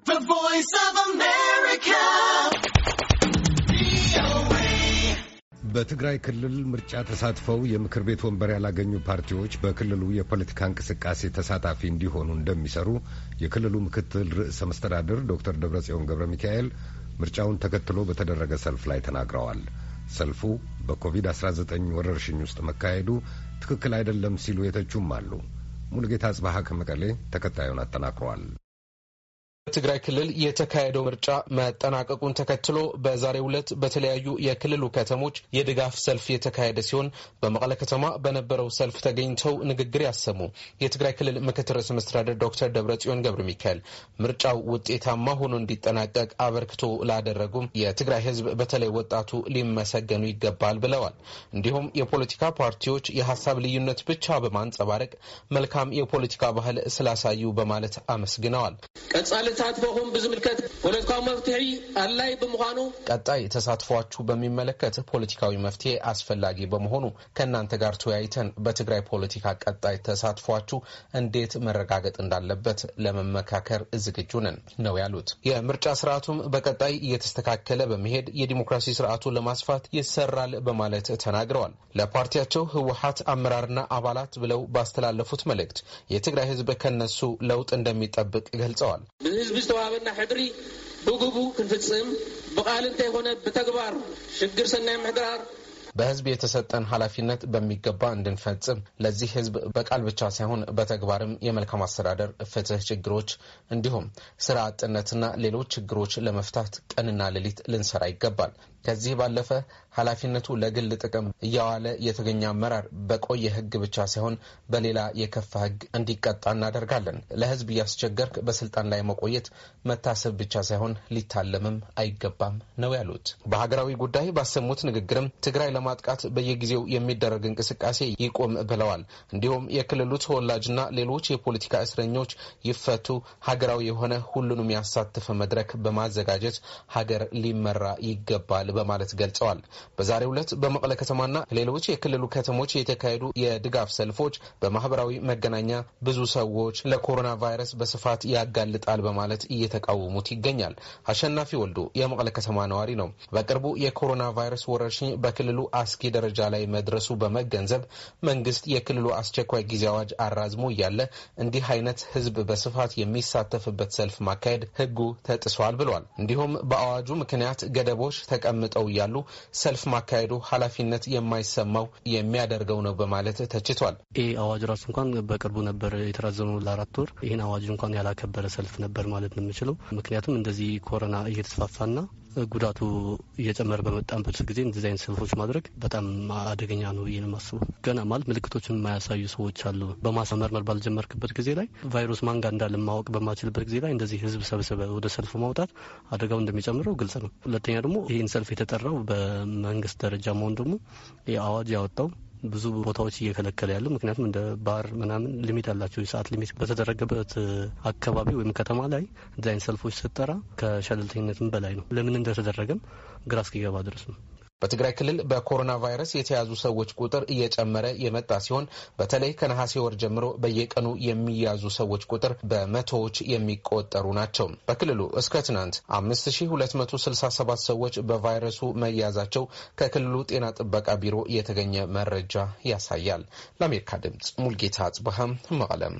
The Voice of America. በትግራይ ክልል ምርጫ ተሳትፈው የምክር ቤት ወንበር ያላገኙ ፓርቲዎች በክልሉ የፖለቲካ እንቅስቃሴ ተሳታፊ እንዲሆኑ እንደሚሰሩ የክልሉ ምክትል ርዕሰ መስተዳድር ዶክተር ደብረጽዮን ገብረ ሚካኤል ምርጫውን ተከትሎ በተደረገ ሰልፍ ላይ ተናግረዋል። ሰልፉ በኮቪድ-19 ወረርሽኝ ውስጥ መካሄዱ ትክክል አይደለም ሲሉ የተቹም አሉ። ሙሉጌታ አጽባሃ ከመቀሌ ተከታዩን አጠናክሯል። በትግራይ ክልል የተካሄደው ምርጫ መጠናቀቁን ተከትሎ በዛሬው ዕለት በተለያዩ የክልሉ ከተሞች የድጋፍ ሰልፍ የተካሄደ ሲሆን በመቀለ ከተማ በነበረው ሰልፍ ተገኝተው ንግግር ያሰሙ የትግራይ ክልል ምክትል ርዕሰ መስተዳደር ዶክተር ደብረጽዮን ገብረ ሚካኤል ምርጫው ውጤታማ ሆኖ እንዲጠናቀቅ አበርክቶ ላደረጉም የትግራይ ሕዝብ በተለይ ወጣቱ ሊመሰገኑ ይገባል ብለዋል። እንዲሁም የፖለቲካ ፓርቲዎች የሀሳብ ልዩነት ብቻ በማንጸባረቅ መልካም የፖለቲካ ባህል ስላሳዩ በማለት አመስግነዋል። ቀጻለ ተሳትፎሁም ብዝምልከት ፖለቲካዊ መፍትሒ አድላይ ብምዃኑ ቀጣይ ተሳትፏችሁ በሚመለከት ፖለቲካዊ መፍትሄ አስፈላጊ በመሆኑ ከእናንተ ጋር ተወያይተን በትግራይ ፖለቲካ ቀጣይ ተሳትፏችሁ እንዴት መረጋገጥ እንዳለበት ለመመካከር ዝግጁ ነን ነው ያሉት። የምርጫ ስርዓቱም በቀጣይ እየተስተካከለ በመሄድ የዲሞክራሲ ስርዓቱ ለማስፋት ይሰራል በማለት ተናግረዋል። ለፓርቲያቸው ህወሀት አመራርና አባላት ብለው ባስተላለፉት መልእክት የትግራይ ህዝብ ከነሱ ለውጥ እንደሚጠብቅ ገልጸዋል። ህዝቢ ዝተዋሃበና ሕድሪ ብግቡ ክንፍፅም ብቃል እንተይኮነ ብተግባር ሽግር ሰናይ ምሕድራር በህዝብ የተሰጠን ኃላፊነት በሚገባ እንድንፈጽም ለዚህ ህዝብ በቃል ብቻ ሳይሆን በተግባርም የመልካም አስተዳደር ፍትህ ችግሮች እንዲሁም ስራ አጥነትና ሌሎች ችግሮች ለመፍታት ቀንና ሌሊት ልንሰራ ይገባል። ከዚህ ባለፈ ኃላፊነቱ ለግል ጥቅም እያዋለ የተገኘ አመራር በቆየ ሕግ ብቻ ሳይሆን በሌላ የከፋ ሕግ እንዲቀጣ እናደርጋለን። ለሕዝብ እያስቸገርክ በስልጣን ላይ መቆየት መታሰብ ብቻ ሳይሆን ሊታለምም አይገባም ነው ያሉት። በሀገራዊ ጉዳይ ባሰሙት ንግግርም ትግራይ ለማጥቃት በየጊዜው የሚደረግ እንቅስቃሴ ይቁም ብለዋል። እንዲሁም የክልሉ ተወላጅና ሌሎች የፖለቲካ እስረኞች ይፈቱ፣ ሀገራዊ የሆነ ሁሉንም ያሳተፈ መድረክ በማዘጋጀት ሀገር ሊመራ ይገባል በማለት ገልጸዋል። በዛሬው ዕለት በመቀለ ከተማና ሌሎች የክልሉ ከተሞች የተካሄዱ የድጋፍ ሰልፎች በማህበራዊ መገናኛ ብዙ ሰዎች ለኮሮና ቫይረስ በስፋት ያጋልጣል በማለት እየተቃወሙት ይገኛል። አሸናፊ ወልዱ የመቀለ ከተማ ነዋሪ ነው። በቅርቡ የኮሮና ቫይረስ ወረርሽኝ በክልሉ አስጊ ደረጃ ላይ መድረሱ በመገንዘብ መንግስት የክልሉ አስቸኳይ ጊዜ አዋጅ አራዝሞ እያለ እንዲህ አይነት ህዝብ በስፋት የሚሳተፍበት ሰልፍ ማካሄድ ህጉ ተጥሷል ብሏል። እንዲሁም በአዋጁ ምክንያት ገደቦች ተቀም ተቀምጠው እያሉ ሰልፍ ማካሄዱ ኃላፊነት የማይሰማው የሚያደርገው ነው በማለት ተችቷል። ይህ አዋጅ ራሱ እንኳን በቅርቡ ነበር የተራዘመው ለአራት ወር። ይህን አዋጅ እንኳን ያላከበረ ሰልፍ ነበር ማለት ነው የምችለው ምክንያቱም እንደዚህ ኮሮና እየተስፋፋና ጉዳቱ እየጨመረ በመጣበት ጊዜ እንደዚህ አይነት ሰልፎች ማድረግ በጣም አደገኛ ነው ብዬ ነው የማስበው። ገና ማለት ምልክቶችን የማያሳዩ ሰዎች አሉ። በማስመርመር ባልጀመርክበት ጊዜ ላይ ቫይረስ ማንጋ እንዳለ ማወቅ በማችልበት ጊዜ ላይ እንደዚህ ህዝብ ሰብስበ ወደ ሰልፍ ማውጣት አደጋው እንደሚጨምረው ግልጽ ነው። ሁለተኛ ደግሞ ይህን ሰልፍ የተጠራው በመንግስት ደረጃ መሆን ደግሞ አዋጅ ያወጣው ብዙ ቦታዎች እየከለከለ ያለው ምክንያቱም እንደ ባር ምናምን ሊሚት አላቸው። የሰዓት ሊሚት በተደረገበት አካባቢ ወይም ከተማ ላይ እዚያ አይነት ሰልፎች ስጠራ ከሸለልተኝነትም በላይ ነው። ለምን እንደተደረገም ግራ እስኪገባ ድረስ ነው። በትግራይ ክልል በኮሮና ቫይረስ የተያዙ ሰዎች ቁጥር እየጨመረ የመጣ ሲሆን በተለይ ከነሐሴ ወር ጀምሮ በየቀኑ የሚያዙ ሰዎች ቁጥር በመቶዎች የሚቆጠሩ ናቸው። በክልሉ እስከ ትናንት 5267 ሰዎች በቫይረሱ መያዛቸው ከክልሉ ጤና ጥበቃ ቢሮ የተገኘ መረጃ ያሳያል። ለአሜሪካ ድምፅ ሙልጌታ አጽብሃም መቀለም